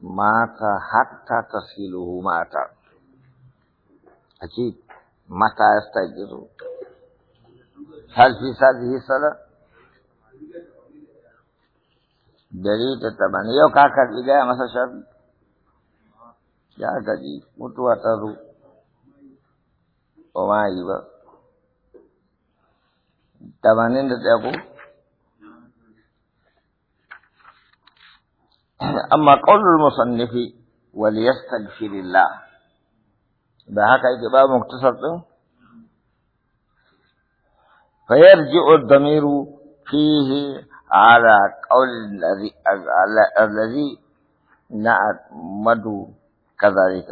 Mata hatta taski'a hu mata, aci mata yasta ajiyuka har shi sa-shisala, dalilin da tamanin yau gaya masa shafi, ya gadi mutuwa taru, ko ma yi ba, tamanin أما قول المصنف وليستغفر الله بهاك إجابة مختصر فيرجع الضمير فيه على قول الذي مدو كذلك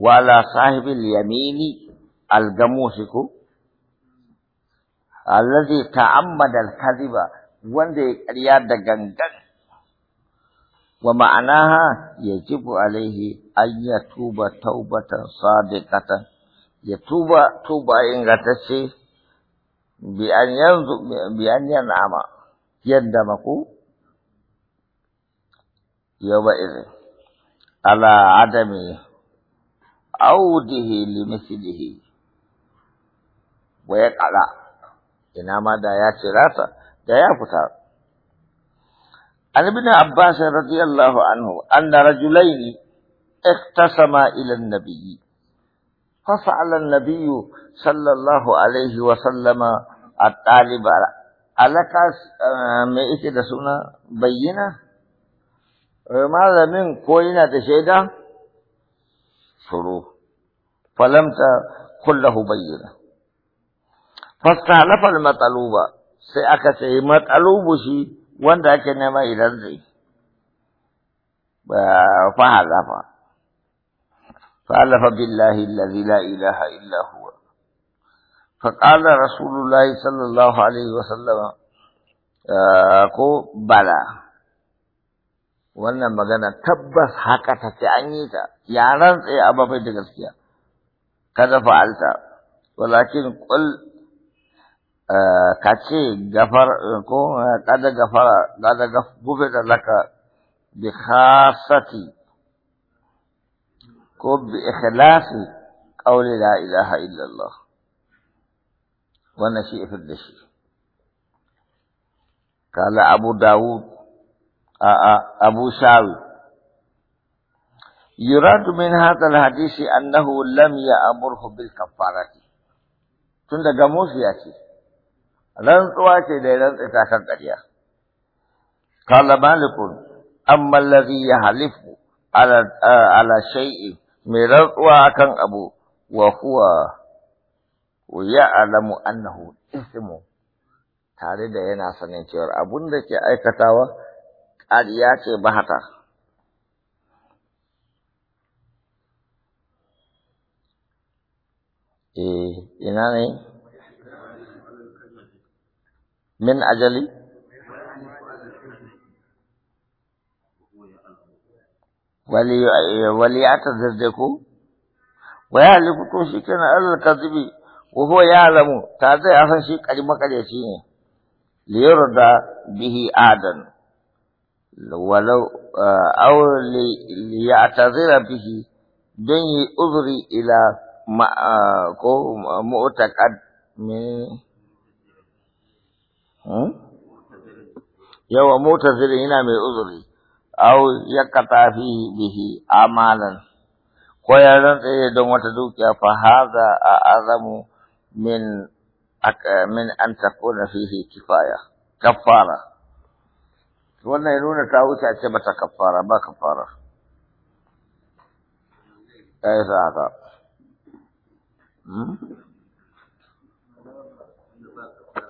وعلى صاحب اليمين الجموسك الذي تعمد الكذب وندي رياد جنجن wa ma'anaha yajibu alaihi an yatuba taubatan sadiqatan yatuba tuba ingantacce bi an yanzu bi an yan'ama yanda maku yawa idin ala adami audihi li mislihi wa yaqala ina ma da ya cirata da ya fita عن ابن عباس رضي الله عنه أن رجلين اختصما إلى النبي ففعل النبي صلى الله عليه وسلم الطالب ألك مئت دسونا بينا ماذا من كوينة شيدا شروع فلم تقل له بينا فاستعلف المطلوب سأكسه مطلوب شيء wanda ake nema idan zai fa zafa. Fa’alafa billahi lazi la ilaha illa huwa. Faƙala Rasulullahi sallallahu Alaihi wasallama ah, ko bala. Wannan magana tabbas haka ta ce an yi ta, yaran tsaye a mafai da gaskiya, kada fa’alta, walakin ƙul آه، كاتشي غفر قد غفر قد غفر غفر لك بخاصتي كب بإخلاص قول لا إله إلا الله ونشيء في الدشي قال أبو داود آه، آه، أبو شاوي يراد من هذا الحديث أنه لم يأمره بالكفارة تندى قموز ياتي rantsuwa ce da ya rantsi ta kan ƙarya kala malikun an mallari ya halifu. ala shay'in mai rantsuwa kan abu wa huwa ya'lamu annahu ismu tare da yana sanin cewar abun da ke aikatawa ƙarya ce ba haka. Eh, ina ne? min ajali wali ya tattaddai ku wa ya halittu shi kina alkazibi wuhu ya alamu ta zai asan shi ƙarƙarƙarci ne liyarar da bihi adan walau ya tattaddai bihi don yi uzuri ila ko mu'utakar min Hmm? yawa motar zirin yana mai uzuri ya kata fi bihi amalan ko ya rantsa don wata dukiya fa a a'zamu min min an takuna fihi kifaya kafara wannan ya nuna ta wuce a ce mata kafara ba kafara ai sa ka